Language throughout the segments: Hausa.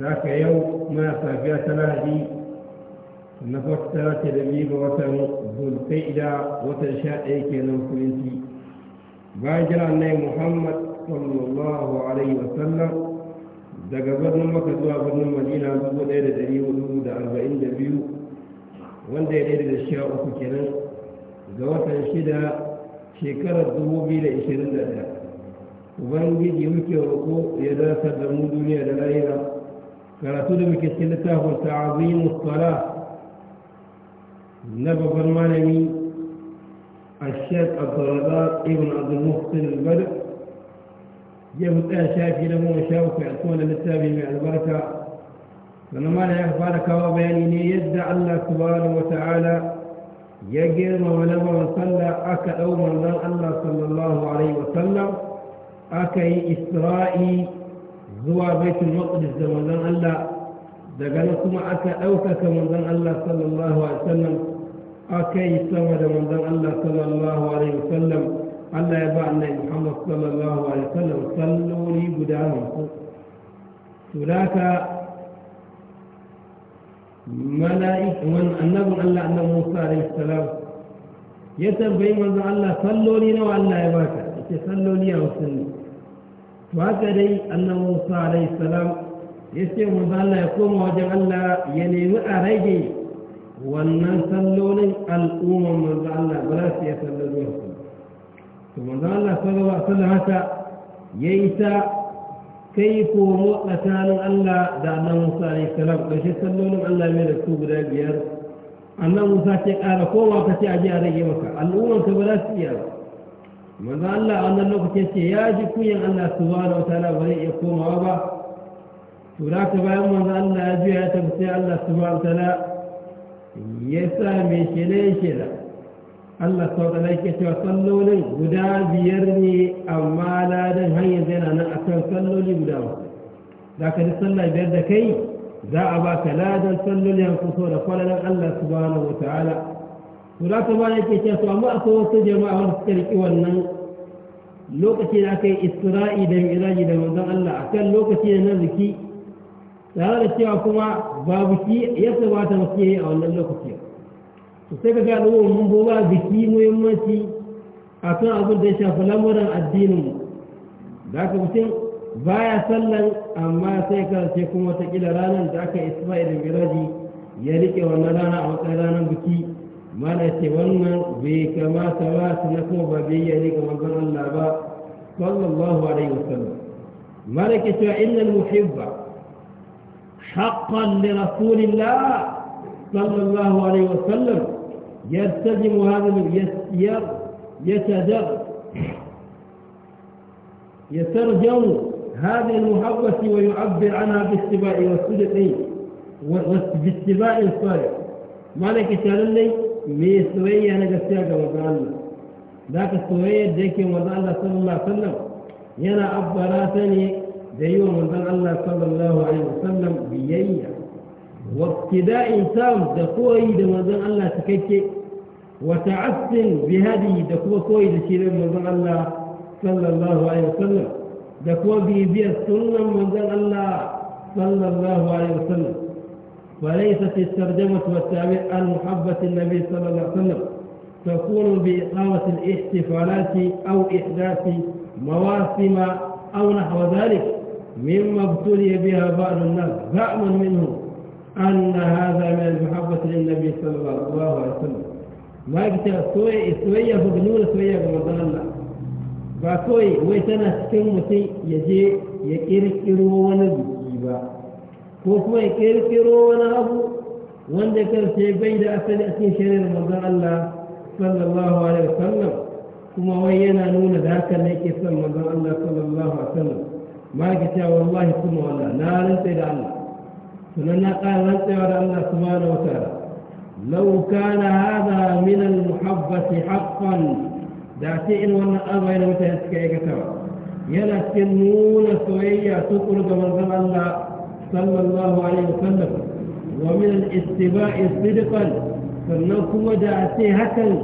za ka yau muna safiya ta lahadi na fata ta da biyu ga watan zulkaida watan sha kenan musulunci bayan jira nai muhammad sallallahu alaihi wasallam daga birnin maka zuwa birnin madina dubu ɗaya da ɗari hudu da arba'in da biyu wanda ya ɗaya da sha uku kenan ga watan shida shekarar dubu biyu da ishirin da ɗaya ubangiji muke roƙo ya dasar da duniya da lahira karatu da muke cikin littafin ta'azimu sala na babban malami الشيخ عبد الرزاق ابن عبد المحسن البدر جاب شافي له وشاوك يعطون للتابع مع البركة فلما لا يخبرك وبياني يدعى الله سبحانه وتعالى يجرم ولما من صلى أكا أو من الله صلى الله عليه وسلم أكا إسرائي zuwa baitul maqdis da manzon Allah daga nan kuma aka ɗaukaka manzon Allah sallallahu alaihi wasallam aka yi sama da manzon Allah sallallahu alaihi wasallam Allah ya ba annabi Muhammad sallallahu alaihi wasallam salloli guda hamsin to da mala'ik wan annabin Allah annabi Musa alaihi salam ya tambayi manzon Allah salloli nawa Allah ya baka yace salloli a wasanni. فاجري أن موسى عليه السلام يسيوم ذلك يقوم وجه الله ينيو أريجي وأن سلوني الأمم من الله ولا سيسلوني ثم قال صلوا صلوا حتى يئس كيف مؤتان الله دعنا موسى عليه السلام ليش سلوني الله من الكبرى بيار أن موسى تقال قوم وكتي أجي أريجي مكة الأمم من الله manzo Allah a wannan lokacin ce ya ji kunyan Allah subhanahu wataala ba zai iya komawa ba to da ka bayan manzo Allah ya juya ya tafi sai Allah subhanahu wataala ya sa mai shela ya shela Allah subhanahu wataala yake cewa sallolin guda biyar ne amma ladan hanyar zai na nan a kan salloli guda ba za ka ji sallah biyar da kai za a ba ka ladan salloli hankuso da kwallon Allah subhanahu wataala to ba ka bane ke cewa amma akwai wasu jama'a wanda suka riƙi wannan lokaci da aka yi isra'i da miraji da manzon Allah akan lokaci na ziki tare da cewa kuma babu shi ya sabata masu yi a wannan lokaci su sai ka ga wani mun boba biki muhimmanci a kan abin da ya shafi lamuran addininmu da aka mutum baya sallan amma sai ka ce kuma watakila ranar da aka da miraji ya riƙe wannan rana a matsayin ranar biki mana ce wannan bai kamata ba su na kuma ba biyayya ne ga manzon Allah ba sallallahu alaihi wasallam mana ke cewa innal muhibba haqqan li rasulillah sallallahu alaihi wasallam يلتزم هذا يسير يتدر يترجم هذه المحبة ويعبر عنها بالسباع والصدق والسباع الصالح مالك تعالى می سوی یا نگستیا که مزان دا کسوی دیکی مزان الله صلی الله علیه وسلم یا نا ابراتنی دیو مزان الله صلی الله علیه وسلم بیایی وابتداء انسان دقوه ايد مزان الله تكيكي وتعسن بهذه دقوه قويد شيرا مزان الله صلى الله وليست الترجمة والتعبير عن محبة النبي صلى الله عليه وسلم تكون بإقامة الاحتفالات أو إحداث مواسم أو نحو ذلك مما ابتلي بها بعض الناس زعما منه أن هذا من المحبة للنبي صلى الله عليه وسلم ما قلت سوية سوية فقنون سوية رمضان الله فأكوي ويتنا سكمتي يجي يكيرك إروا ونبي كوكما يكير كيرو ونغفو وانجا كان سيبيد أفد أسين شرير مضاء الله صلى الله عليه وسلم ثم وينا نون ذاك ليك يسلم مضاء الله صلى الله عليه وسلم ما كتا والله ثم والله لا لنت إلى ثم فلنا قال لنت إلى الله سبحانه وتعالى لو كان هذا من المحبة حقا ذاتي إن وانا أبا إلى متى يسكي كتا يلا سنون سوية تقرد مضاء الله صلى الله عليه وسلم ومن الاتباع صدقا فالنوك ودع سيهكا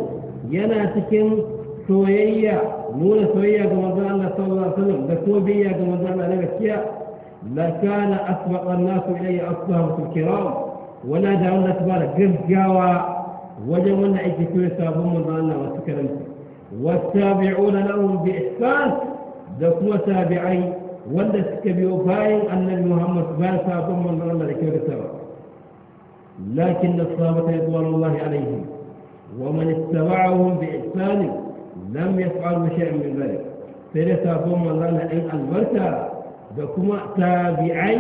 ينا تكن سويا مولا سويا كما قال الله صلى الله عليه وسلم بسوبيا كما قال الله عليه لكان أسبق الناس إلي أصلهم في الكرام ولا دعونا تبارك قد جاوى وجمنا إجتوى سابهم وضعنا وسكرمت والتابعون لهم بإحسان دقوة تابعين wanda suka biyo bayan annabi muhammad ba sa ban manzon Allah da kyautatawa lakin as-sahabata ridwanullahi alaihim wa man ittaba'ahum bi ihsan lam yaf'alu shay'an min dhalik sai da sabon manzon Allah ɗin albarka da kuma tabi'ai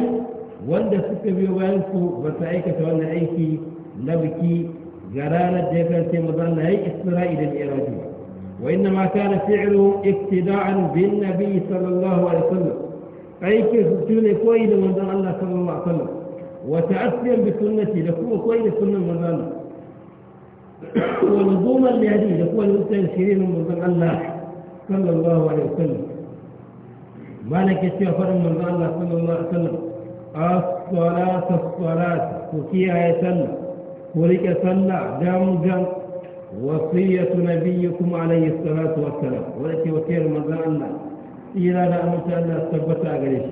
wanda suka biyo bayan su ba su aikata wannan aiki na biki ga ranar da ya kance manzon Allah ya isra'i da mi'raji وإنما كان فعله اقتداء بالنبي صلى الله عليه وسلم aikin su su ne koyi da manzon Allah sallallahu alaihi wasallam wa ta'assiyan bi sunnati da kuma koyi da sunnan manzon Allah wa luzuman li hadi da kuma lutan shirin manzon Allah sallallahu alaihi wasallam malaka ce faɗin manzon Allah sallallahu alaihi wasallam as-salatu as-salatu ku kiyaye sallah ku rike sallah gam gam وصية نبيكم عليه الصلاة والسلام ولكن وكيل مزال الله إلى نعمت أن أثبت أغريش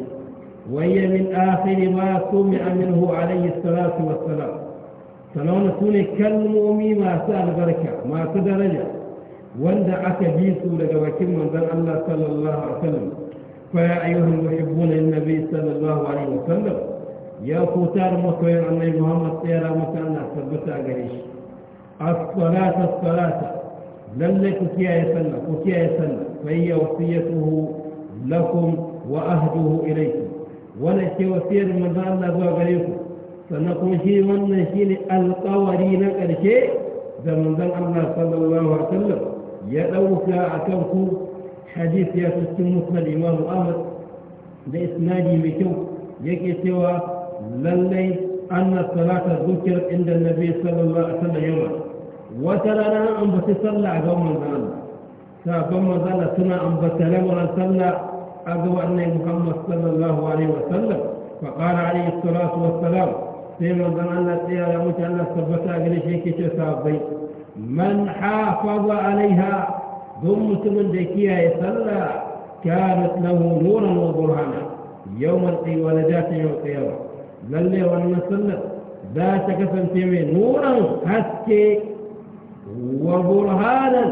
وهي من آخر ما سمع منه عليه الصلاة والسلام سلام نسول كالمؤمي ما سأل بركة ما تدرجة واندعى كبيس لك من ذا الله صلى الله عليه وسلم فيا أيها المحبون النبي صلى الله عليه وسلم يا فوتار مكوين عن النبي محمد يا رامك أن أثبت أغريش الصلاة الصلاة لن لك كيا يسلم وكيا يسلم فهي وصيته لكم وأهده إليكم ونشي وسير من ذا الله ذو غريكم فنقول شيء ونشين القوارين الشيء ذا من ذا الله صلى الله عليه وسلم يدوك أكوكم حديث يتسم مثل الإمام أحمد بإسناده بكم يكي سوى للي أن الصلاة ذكرت عند النبي صلى الله عليه وسلم يوما وترانا أن بتصلى قوما ذا الله sabon mazala suna ambata lamarin sallah a ga wannan muhammad sallallahu alaihi wasallam fa qala alaihi salatu wassalam sai manzon Allah tsaya da mutu Allah tabbata gare shi yake ce sahabbai man hafaza alaiha don mutumin da kiyaye sallah kanat lahu nuran wa burhana yawmal qiyamat yawm qiyamah lalle wannan sallah za ta kasance mai nuran haske wa burhanan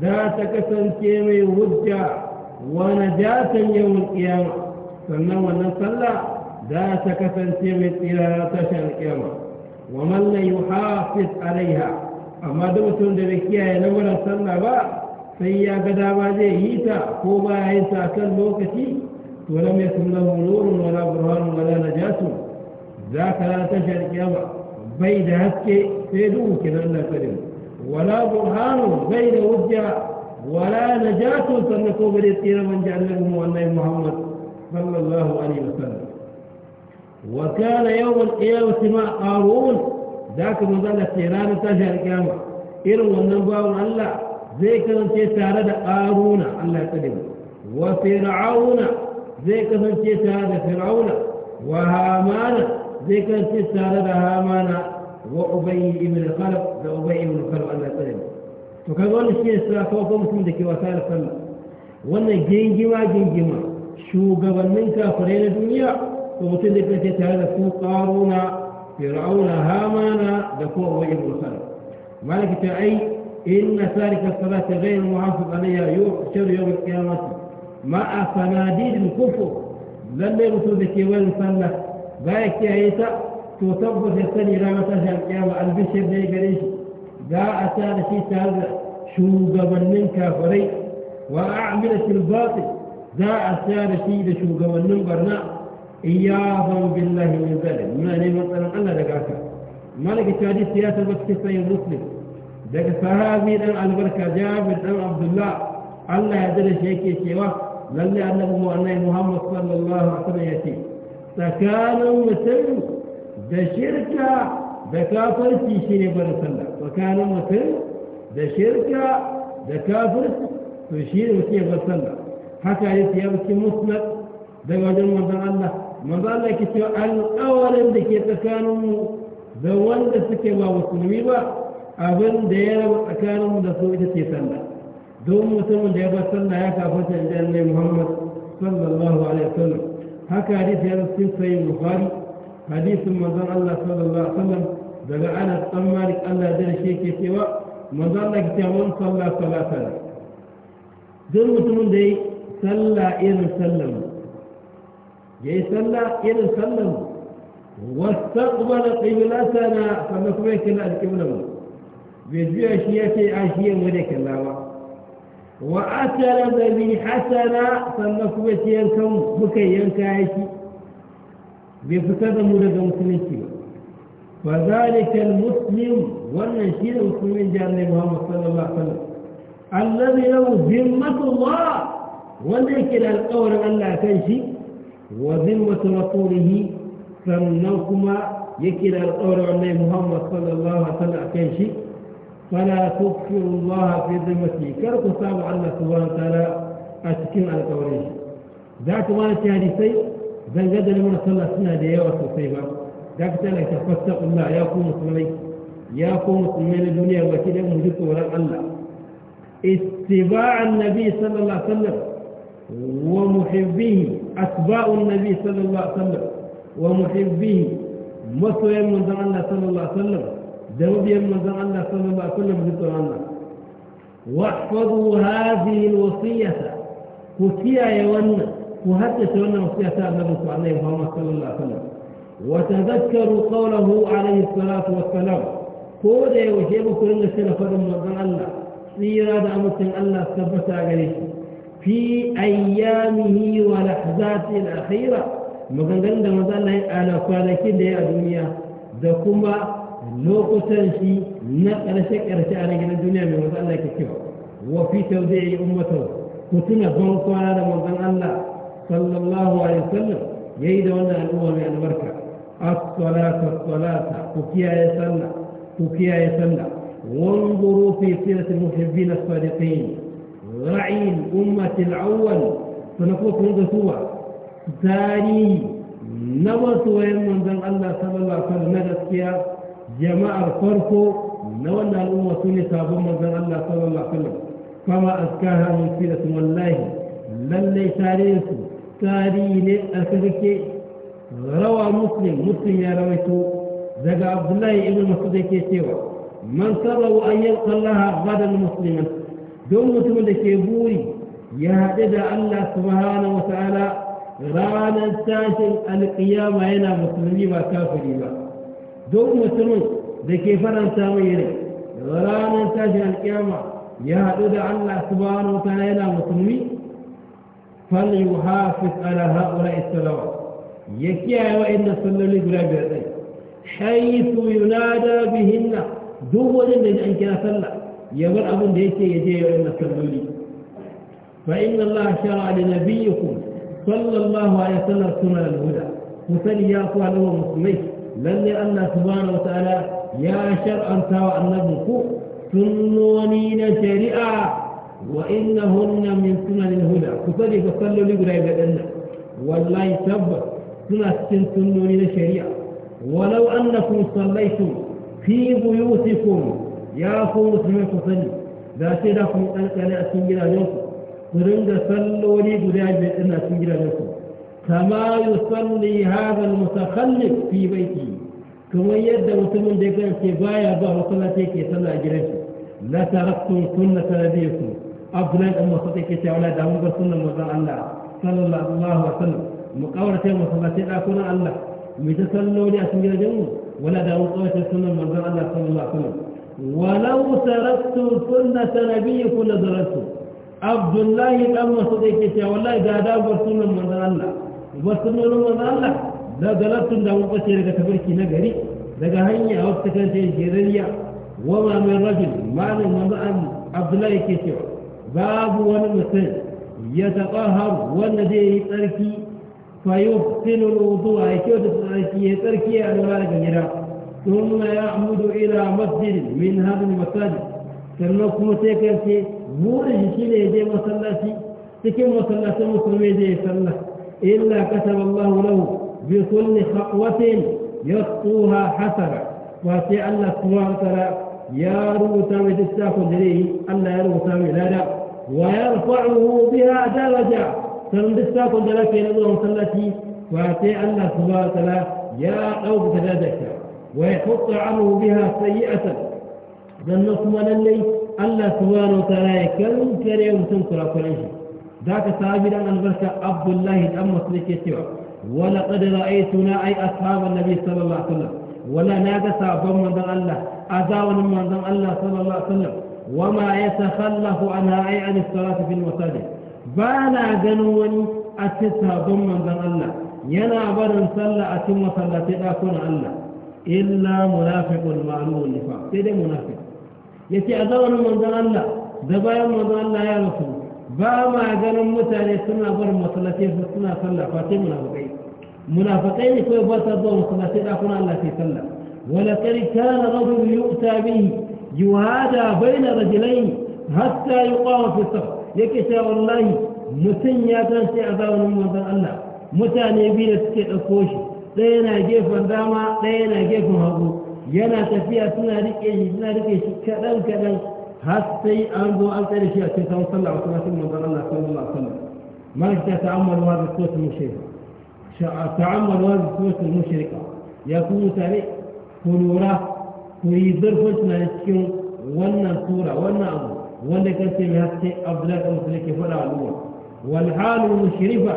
za ta kasance mai hujja wa najatan yawan kiyama sannan wannan sallah za ta kasance mai tsirara tashar kiyama wa man la yuhafiz alaiha amma duk mutum da bai kiyaye lamuran sallah ba sai ya ga dama zai yi ta ko ba ya yi ta kan lokaci to lam yakun lahu nurun wala burhanun wala najatun za ka tashar kiyama bai da haske sai duhu kinan nasarin ولا برهان غير وجه ولا نجاة سنكو بالإتقين من جعلهم والنبي محمد صلى الله عليه وسلم وكان يوم القيامة سماء قارون ذاك مظل السيران تشهر القيامة إرو النباء ألا زي كان سارد قارون الله يقدم وفرعون زي كان سارد فرعون وهامان زي كان سارد هامان وأبي من الخلف وأبي من الخلف الله يسلم وكان الشيء شيء سلاكوا فمسلم دكي وسالة صلى وانا جنجما جنجما شو قبل كافرين الدنيا ومسلم دكي تتهدى سوء قارون فرعون هامانا دكوا أبي من الخلف مالك تعي إن تارك الصلاة غير المحافظ عليها يحشر يوم القيامة مع صناديد الكفر لما يرسل ذكي وين صلى بايك يا عيسى تو تبغى تستني لا مثلا يا ما البس يدي قريش جاء ثاني شيء شو قبل من كافري واعمل الباطل جاء ثاني شيء شو قبل من برنا اياهم بالله من ذلك من نعم اللي مثلا الله دقاك مالك تادي سياسة بس كيفي المسلم دك صحابي دم البركة جابر دم عبد الله ألا يدري شيكي سواه للي أنه مؤمن محمد صلى الله عليه وسلم يتي سكانوا مسلم da shirka da kafirci shi ne barin sallah tsakanin mutum da shirka da kafirci to shi ne mutum ya bar sallah haka ya siya mutum musnad da wajen mazan Allah mazan Allah ke cewa alƙawarin da ke tsakaninmu da wanda suke ba musulmi ba abin da ya raba tsakaninmu da su ita ce sallah don mutumin da ya bar sallah ya kafa ta inda Muhammad sallallahu alaihi wasallam haka hadisi ya rasu sai Bukhari hadisin manzon Allah sallallahu alaihi wasallam daga Anas dan Malik Allah da shi yake cewa manzon Allah ke cewa man salla salatan duk mutumin da yi salla irin sallan yayi salla irin sallan wastaqbala qiblatana sannan kuma yake na alqiblan bai juya shi yake a shi yin wani kallawa wa atara da bi hasana sannan kuma yankan muka yanka yake بيفتدوا مولد المسلمين كيلو فذلك المسلم ورن شيء المسلمين جار لي محمد صلى الله عليه وسلم الذي له ذمة الله وليك القول أن لا تنشي وذمة رسوله فمنوكما يكل القول أن محمد صلى الله عليه وسلم كيشي فلا تكفر الله في ذمته كرك سام الله سبحانه وتعالى أتكلم على الأوريش ذات ما تهدي سيء فإن جد لمن صلى سنها دي يا رسول صيبا قابت أنا يتفسق الله يا أخو مسلمي يا أخو مسلمي الدنيا وكيد يا مجدك ولا الله اتباع النبي صلى الله عليه وسلم ومحبيه أتباع النبي صلى الله عليه وسلم ومحبيه مصر يمن ذا الله صلى الله عليه وسلم جنوب يمن ذا الله صلى الله عليه وسلم جدت الله واحفظوا هذه الوصية كتيا يوانا وهل تتولوا في اثار نبوك صلى الله عليه وسلم وتذكروا قوله عليه الصلاه والسلام قول يا وجيب كل سنه فضل من الله في رادع مسلم الله ثبت عليه في ايامه ولحظات الاخيره مغنى رمضان على فالك دي الدنيا دكما نوكسن شي نقل شكر شعر الدنيا من مغنى وفي توديع امته كتنا بنقوى رمضان الله صلى الله عليه وسلم da wannan الأمم mai albarka الصلاة الصلاة تكيا salata ku kiyaye sallah ku وانظروا في سيرة المحبين الصادقين رعي الأمة الأول فنقول في سوى ثاني نوى سوى من ذن الله صلى الله عليه وسلم نجد فيها جماعة الفرق نوى الأمة سنة من ذن الله صلى الله عليه وسلم فما أذكاها من سيرة والله لن ليس عليه tarihi ne a sarki rawa muslim muslim ya rawaito daga abdullahi ibn masud yake cewa man sarrahu an yalqa Allah ghadan musliman don mutumin da ke buri ya haɗu da Allah subhanahu wa ta'ala ranar tashin alƙiyama yana musulmi ba kafiri ba don mutumin da ke faranta mai yare ranar tashin ya haɗu da Allah subhanahu yana musulmi فليحافظ على هؤلاء الصلوات يكيا وإن صلوا قلا بيضين حيث ينادى بهن دول من أن كان صلى يمر أبن ديكي يجي وإن صلوا فإن الله شرع لنبيكم صلى الله عليه وسلم سنن الهدى وسن يا أخوان المسلمين لن الله سبحانه وتعالى يا شرعا سوى النبي سنونين شريعة وإنهن من سنن الهدى كفدي فصلوا لي قرأي بدنا والله تبا سنة سنة من الشريعة ولو أنكم صليتم في بيوتكم يا فور سمعت صلي ذات لكم أنقل أسنجل عليكم قرند صلوا لي قرأي بدنا أسنجل عليكم كما يصلي هذا المتخلف في بيته كما يدى وتمن دقان سبايا بها وصلاتك يصلى أجرته لا تركتم سنة نبيكم abdullahi dan masu take cewa wala da mun ga sunnan manzon Allah sallallahu alaihi sallam mu kaurace mu sallace dakunan Allah mu ta salloli a cikin gidajen mu wala da mun kaurace sunnan Allah sallallahu alaihi wasallam walau taraktu sunnata nabiyyikum la daraktu abdullahi dan masu take cewa wallahi da da bar sunnan mazan Allah ba nuna mazan Allah da daraktu da mun kace daga tabarki na gari daga hanya wacce kanta jirariya wa ma min rajul ma min manzon Abdullahi ke cewa babu wani mutum ya taɓa har wanda zai yi tsarki fayo sinu rozu a kyau da tsarki ya tsarki ya lura daga gida tunna ya amudu ila masjid min hadin masajid sannan kuma sai kan ce shi shi ne zai masallaci cikin masallacin musulmi zai salla illa kasar Allah lahu bi kulli ya yaqtuha hasara ba sai Allah subhanahu wa ya rubuta mai dukkan da yi Allah ya rubuta mai lada ويرفعه بها درجة فمن دستا كنت لك نظر مسلتي فأتي الله سبحانه وتعالى يا قوم كذلك ويحط عنه بها سيئة ذن نصمنا لي الله سبحانه وتعالى يكرم كريم تنكر كريم ذاك صحابي لأن البركة عبد الله الأم مسلك سوى ولقد رأيتنا أي أصحاب النبي صلى الله عليه وسلم ولا نادى صعبا من الله أذاون من الله صلى الله عليه وسلم وما يتخلف عنها أي عن الصلاة في المساجد بانا جنوني أتسها ضمن ذن الله ينا برن صلى أتم صلى تلاكون الله إلا منافق معلوم النفاق تدي منافق يتي أزمن من ذن الله دبايا من ذن الله يا رسول باما جنون متاني سنة برن مصلتي فسنة صلى فاتي منافقين منافقين كيف بس الضوء مصلتي تلاكون الله في صلى ولكن كان رجل يؤتى به جوادا بين رجلين حتى يقام في الصف يكشى والله مسن يا تنسي عذاب من الله متان يبيل سكي أكوش دينا جيفا داما دينا جيفا هبو ينا تفيا سنا ركي سنا ركي كذل كذل حتى أرضو ألتر شيء أكشى وصلى وصلى من الله صلى الله عليه وسلم ما لك تتعمل هذا الصوت المشرك تعمل هذا الصوت المشرك يكون سريع كل ku yi zurfin tunani cikin wannan tura, wannan abu wanda kan ce mai haske abdullahi kan musulun ke faɗa al'umma wal halu mushrifa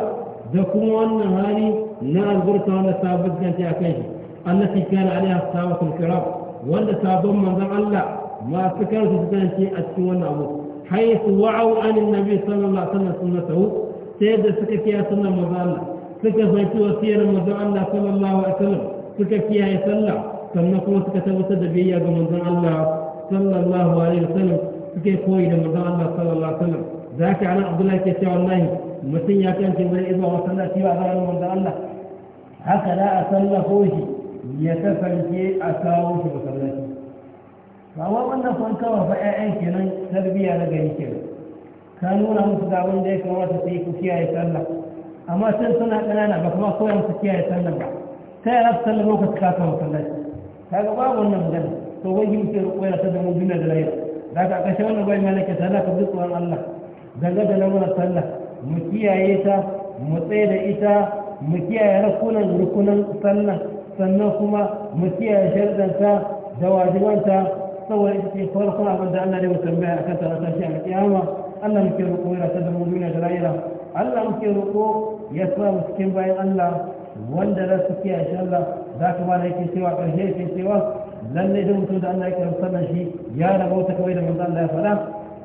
da kuma wannan hali na albarka wanda sabon kan ce a kan shi allati kana alaiha sahabatul kiram wanda sabon manzon Allah masu kansu su kan a cikin wannan abu Haisu, wa'u an annabi sallallahu alaihi wasallam sunnatahu sai da suka kiyaye sunnar manzon Allah suka fahimci wasiyar manzon Allah sallallahu alaihi wasallam suka kiyaye sallah sannan kuma suka tabbatar da biyayya ga manzon Allah sallallahu alaihi wasallam suke koyi da manzon Allah sallallahu alaihi wasallam zaka ana Abdullahi ke cewa wallahi mutum ya kance bai izo wa sallaci ba ga manzon Allah haka da a sallafo shi ya kasance a kawo shi masallaci ba wa wannan fankawa fa ƴaƴan kenan tarbiyya na gari kenan ka nuna musu da wanda ya kamata su yi ku kiyaye sallah amma sai suna ƙanana ba kuma koyan su kiyaye sallah ba sai ya rasu sallah lokacin kasa masallaci kaga babu wannan magana to wai yi muke koyar ta da mu duniya da lahira da ka kashe wannan bai malaka ta ka bi tsoron Allah daga da lamuran sallah mu kiyaye ta mu tsaye da ita mu kiyaye rukunan rukunan sallah sannan kuma mu kiyaye ta, da wajibanta saboda ita ce farkon abin da Allah ne mu tambaya akan ta ta shi a kiyama Allah muke roƙo ya ta da mu duniya da lahira Allah muke roƙo ya sa mu cikin bayan Allah wanda za su kiyaye shi Allah za ka ma da yake cewa ƙarshe yake cewa lallai da mutum da Allah ya kira sallar shi ya rabo ta kawai da manzo Allah ya faɗa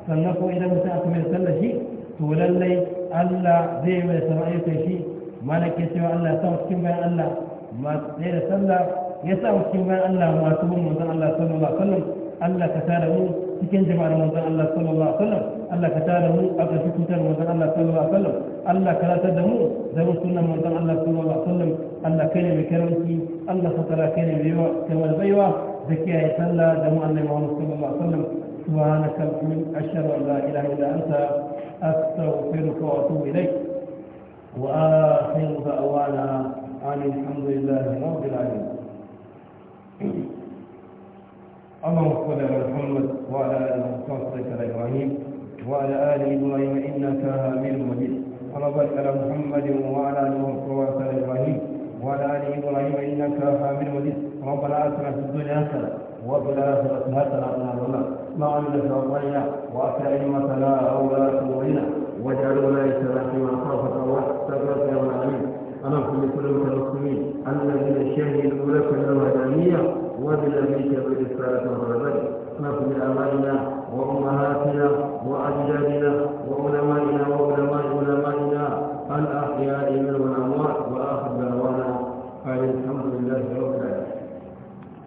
sannan ko idan mutum aka mai sallar shi to lallai Allah zai mai sama ayyukan shi malaka cewa Allah ya sa cikin bayan Allah masu tsaye da sallah ya sa cikin bayan Allah masu bin manzo Allah sallallahu alaihi wasallam Allah ka mu cikin jama'ar manzo Allah sallallahu alaihi wasallam Allah ka tada mu a ƙarshen cutar manzon Allah sallallahu alaihi wasallam Allah ka ratar da mu zaman sunnan manzon Allah sallallahu alaihi wasallam Allah kai ne mai karanci Allah ka tara kai ne mai yawa kamar baiwa da kiyaye sallah da mu annabi Muhammad sallallahu alaihi wasallam subhanaka ashhadu an la ilaha illa anta astaghfiruka wa atubu ilaik wa akhiru da'wana alhamdulillahi rabbil alamin اللهم صل على محمد وعلى اله وصحبه ابراهيم وعلى آل إبراهيم إنك حميد مجيد صلوا على محمد وعلى آل وصحبه إبراهيم وعلى آل إبراهيم إنك حميد مجيد ربنا آتنا في الدنيا حسنة وفي الآخرة حسنة وقنا عذاب النار ما عملت ما تلا أولاد أمورنا واجعل ولاية رحمة خافة الله تقرأ يوم أنا كل كل المسلمين الذين شهدوا لك الوهدانية وبالنبيك بالرسالة والربد من أماننا وأمهاتنا وأجدادنا وعلمائنا وعلماء علمائنا الأحياء منهم الأموات وآخر دعوانا الحمد لله رب العالمين